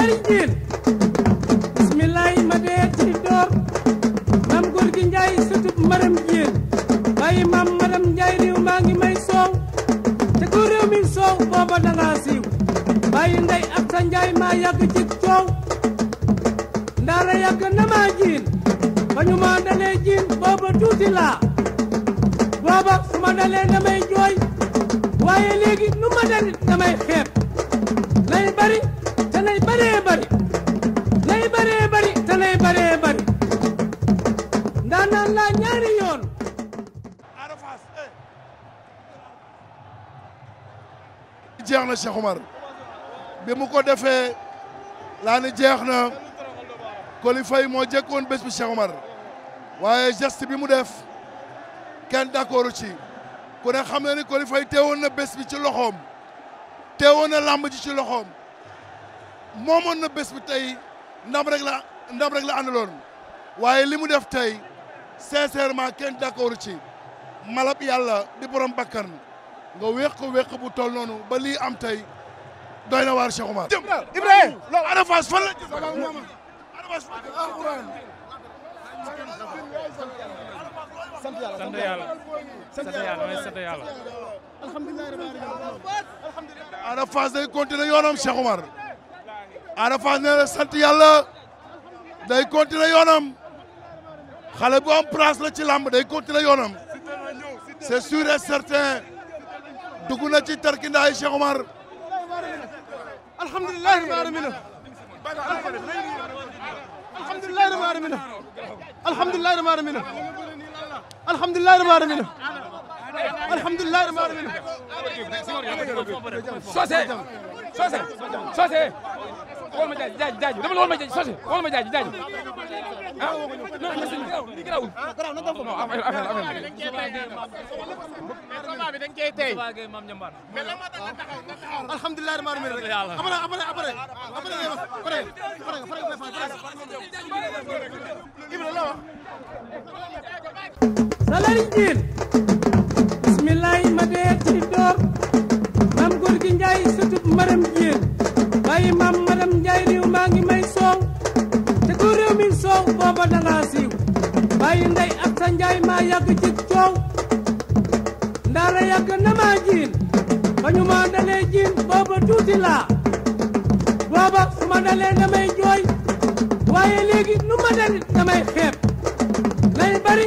alal jiin bismillaay ma dee ci door maam góor gi njaay sutub maram jiin bàyyi maam maram njaay réew maa ngi may soow te ko mi soow booba danga siiw bàyyi ndey ak njaay maa yàgg ci coow ndaara yàgg na maa jiin ba ñu dalee jiin booba tuuti booba ma dalee damay jooy waaye léegi nu ma dalit damay xeeb jeex na Cheikh Omar bi mu ko defee laa ni jeex na Coly Faye moo jëkkoon bés bi Cheikh waaye jast bi mu def kenn d'accord ci ku ne xam na ni Coly Faye na bés bi ci loxoom teewoon na làmb ci loxoom moomoon na bés bi tey ndam rek la ndam rek la àndaloon waaye li mu def tey sincèrement kenn d'accord ci malab yàlla di borom bakkan nga wéq wéq bu toll noonu ba lii am tey doy na waar Cheikh Oumar. jëm Ibrahima Ada Fass fan la. sant yàlla sant yàlla sant yàlla waaye sant yàlla. alhamdulilah. Ada Fass day continuer yoonam Cheikh Oumar. Ada Fass nee sant yàlla day continuer yoonam xale bu place la ci làmb day continuer yoonam c'est sûr et certain. دكونا شيء تركنا عيش عمر الحمد لله ما منه الحمد لله ما منه الحمد لله ما منه الحمد لله ما منه الحمد لله ما منه سوسي سوسي قول ما dañ cey tey mais lan moo tax door maam góor njaay sëtub maram jiin bàyyi maam madam njaay réew maa ngi may soow te ko mi soow booba dangaa siiw bàyyi ndey ak njaay maa yàgg ci coow yàgg na maa jiin ba ñu dalee jiin booba tuuti laa booba su ma dalee damay jooy waaye léegi nu ma dalit damay xeeb lay bari